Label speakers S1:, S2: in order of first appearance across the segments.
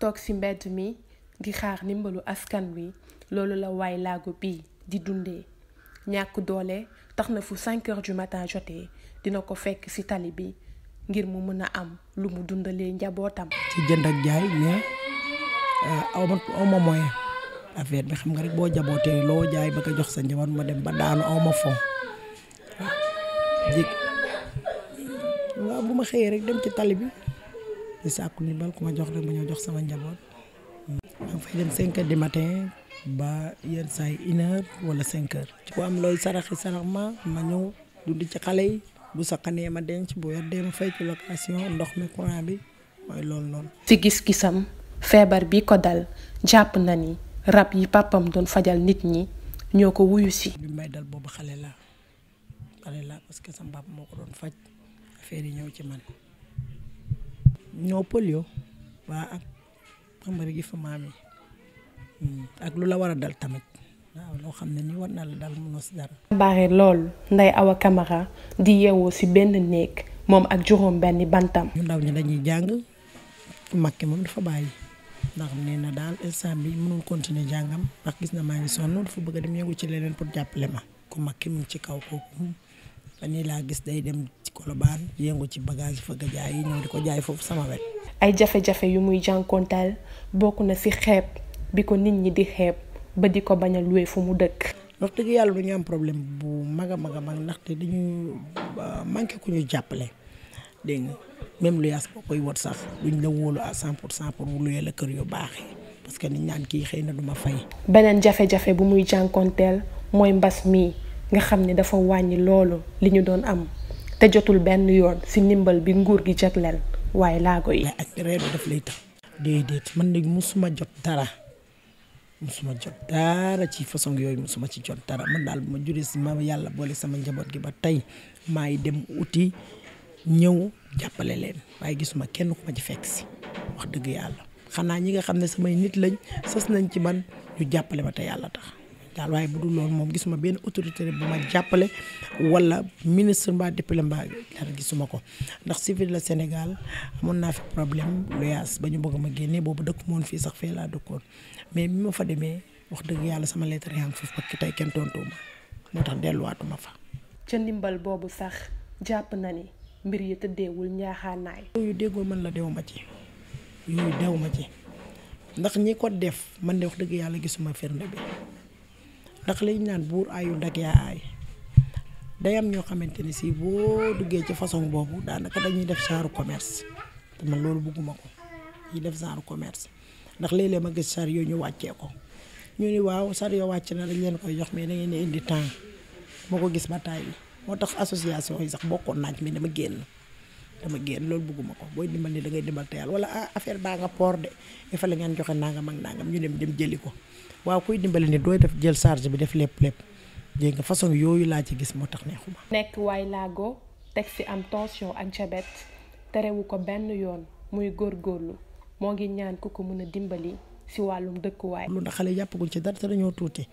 S1: toog ci mbedd mi di xaar ndimbalu askan wi loolu la waay laago bi di dundee ñàkk doole tax na fu 5 heures du matin jotee dina ko fekk ci tali bi ngir mu mën a am lu mu dundalee njabootam. ci
S2: jënd ak jaay mais euh, aw ma aw bi xam nga rek boo jabootee loo jaay ba ko jox sa njaboot ma dem ba daanu aw ma fo bu ma xëyee rek dem ci tali bi. di sàkku ndimbal jox rek ma ñëw jox sama njaboot. maa ngi fay ba yenn saa yi une am looy saraxi sarax ma ci xale bu saqanee ma denc bu yor dee ndox mi bi
S1: mooy loolu noonu. ci gis-gisam feebar bi ko dal jàpp na ni rab yi papam doon fajal nit ñi ñoo ko wuyu si. bi
S2: may dal boobu xale laa xale laa parce que sama papa moo ko doon faj affaire yi ñëw ci man. ñoo polio waa ak xambari gi fa maam hmm. ak lu la war a dal tamit waaw loo xam ne ni war na la dal mënoo si dara.
S1: bare loolu Ndeye Awa Camara di yeewoo ci benn néeg moom ak juróom benni bantam. ñu ndaw ñi dañuy jàng mag ki moom dafa bàyyi
S2: ndax nee na daal instant bi mënul continuer jàngam ndax gis na maa ngi sonn dafa bëgg a dem yëngu ci leneen pour jàppale ma ku mag ki mu ci kaw kooku fan laa gis day dem. ci Colobane yëngu ci bagage fëgg jaay yi ñëw di ko jaay foofu sama wet
S1: ay jafe-jafe yu muy jànkonteel bokk na ci xeeb bi ko nit ñi di xeeb ba di ko bañ a luwe fu mu dëkk. wax dëgg yàlla du
S2: ñu am problème bu mag a mag a mag ndaxte dañu euh, manqué ku ñu jàppale dégg nga même luyaas boo koy wot sax duñ la wóolu à 100 pour cent pour mu luyee la kër yu baax yi que niñ naan kii xëy na du ma fay.
S1: beneen jafe-jafe muy jànkonteel mooy mbas mii nga xam ne dafa wàññi loolu li ñu doon am. te jotul benn yoon si ndimbal bi nguur gi jagleel waaye laago yi. ak
S2: reer daf lay tax. déedéet man léegi musuma jot dara musuma jot dara ci façon yooyu musuma ci jot dara man daal bu ma juree si ma yàlla boole sama njaboot gi ba tey maay dem uti ñëw jàppale leen waaye gisuma kenn ku ma ci fekk si wax dëgg yàlla xanaa ñi nga xam ne samay nit lañ sas nañ ci man ñu jàppale ma te yàlla tax. hôpital waaye bu dul loolu moom gisuma benn autorité bu ma jàppale walla ministre mbaa député mbaa gisuma ko ndax civil la Sénégal amoon naa fi problème loyaas ba ñu bëgg ma génne boobu dëkk moon fii sax fee laa dëkkoon mais bi ma fa demee wax dëgg yàlla sama lettre yaa ngi foofu ba tey kenn ma moo tax delluwaatuma fa.
S1: ca ndimbal boobu sax jàpp na ni mbir yi tëddeewul ñaaxaanaay. yooyu déggoo mën la dew ma ci
S2: yooyu dew ma ci ndax ñi ko def man de wax dëgg yàlla gisuma firnde ndax lañ naan buur aayul ndag yaa aay ñoo xamante ne si boo duggee ci façon boobu daanaka dañuy def genre commerce te loolu bugguma ko ñuy def genre commerce ndax léeg-léeg ma gis chariot ñu wàccee ko ñu ni waaw chariot wàcc na dañ leen koy jox mais da ngeen di indi temps moo ko gis ba taay bi moo tax association yi sax bokkoon naaj mi dama génn. dama génn loolu bëgguma ko booy dimbali ni da ngay dimbal te yàlla wala ah affaire baa nga poor de dafa la ngeen joxe dem dem jëli ko waaw kuy dimbali ni dooy def jël charge bi def lépp lépp dégg nga façon yooyu laa ci gis moo tax neexuma.
S1: nekk waaye laago teg si am tension ak jabet terewu ko benn yoon muy góorgóorlu moo ngi ñaan ku ko mën a dimbali. si wàllum dëkkuwaay. lu
S2: ndax xale jàppaguñ ci dara te dañoo tuuti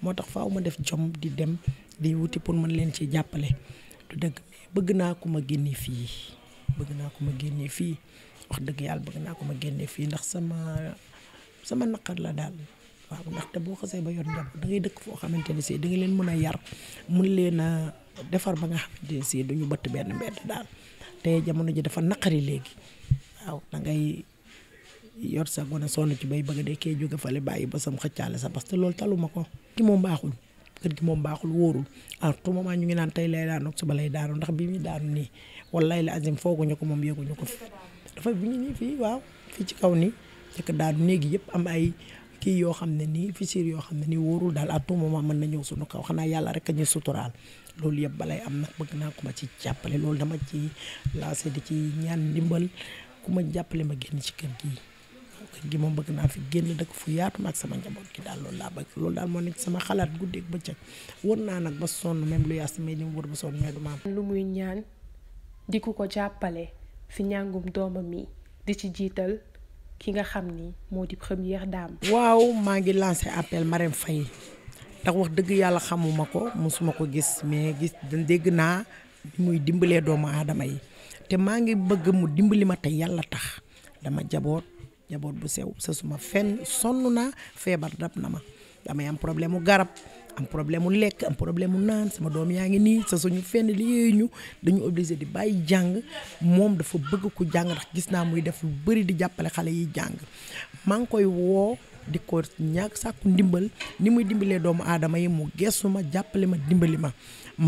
S2: moo tax faw ma def jom di dem di wuti pour mën leen ci jàppale du bëgg naa ku ma génne fii. bëgg naa ko ma génnee fii wax dëgg yàlla bëgg naa ko ma génnee fii ndax sama sama naqar la daal waaw ndaxte boo xësee ba yor njaboot da dëkk foo xamante ne si da nga leen mën a yar mun leen a defar ba nga xamante ne si duñu benn mbedd daal te jamono ji dafa naqari léegi waaw da yor sa gone sonn ci bay bëgg de kee jóge fale bàyyi ba sam xëccaale sa parce que loolu taluma ko ki moom baaxul kër gi moom baaxul wóorul en tout moment ñu ngi naan tey lay daanu ak suba lay daanu ndax bi muy daanu nii wallaay la azim fooguñu ko moom yëguñu ko dafa bi ñu nii fii waaw fii ci kaw nii fekk daanu néegi yëpp am ay kii yoo xam ne nii fissure yoo xam ne nii wóorul daal à tout moment mën na ñëw sunu kaw xanaa yàlla rek a ñu suturaal loolu yëpp balay am nag bëgg naa ko ma ci jàppale loolu dama ci lancé di ci ñaan ndimbal ku ma jàppale ma génn ci kër gi kër moom bëgg naa fi génn dëkk fu yaatu ak sama njaboot gi daal loolu laa bëgg loolu daal sama xalaat guddeeg bëccëg wër naa nag ba sonn même lu yaas mais li mu ma am. muy ñaan
S1: di ko jàppale fi ñàngum doomam yi di ci jiital ki nga xam ni moo di première dame.
S2: waaw maa ngi lancé appel Marème Faye ndax wax dëgg yàlla xamuma ko mosuma ko gis mais gis dégg naa muy dimbalee doomu aadama yi te maa ngi bëgg mu dimbali ma te yàlla tax dama jaboot njaboot bu sew sa suma fenn sonn naa feebar dab na ma damay am problème mu garab am problème mu lekk am problème mu naan sama doom yaa ngi nii sa suñu fenn liggéey ñu dañu obligé di bàyyi jàng moom dafa bëgg ku jàng ndax gis naa muy def lu bëri di jàppale xale yi jàng maa ngi koy woo di ko ñàkk sàkku ndimbal ni muy dimbalee doomu aadama yi mu gestu ma jàppale ma dimbali ma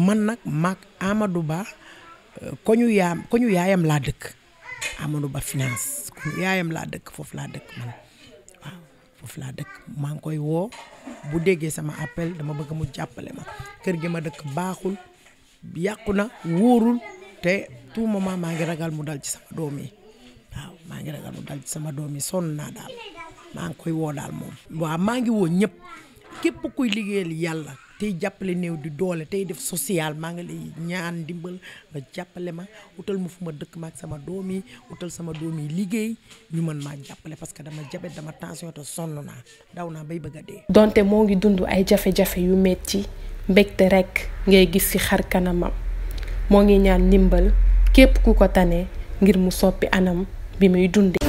S2: man nag maag Amadou Ba euh, ko ñu yaam ko ñu yaayam laa dëkk Amadou Ba finance yaayam laa dëkk foofu laa dëkk man waaw foofu laa dëkk maa ngi koy woo bu déggee sama appel dama bëgg mu jàppale ma kër gi ma dëkk baaxul yàqu na wóorul te tout moment maa ngi ragal mu dal ci sama doom yi waaw maa ngi ragal mu dal ci sama doom yi sonn daal maa ngi koy woo daal moom. waaw maa ngi woo ñëpp képp kuy liggéeyal yàlla tey jàppale néew di doole tey def social maa ngi lay ñaan ndimbal nga jàppale ma utal ma fu ma dëkk ma ak sama doomi yi sama doom liggéey ñu mën maa jàppale parce que dama jabet dama tension te sonn naa daw naa bay bëgg a dee.
S1: donte moo ngi dund ay jafe-jafe yu metti mbégte rekk ngay gis ci xar kanamam moo ngi ñaan ndimbal képp ku ko tane ngir mu soppi anam bi muy dunde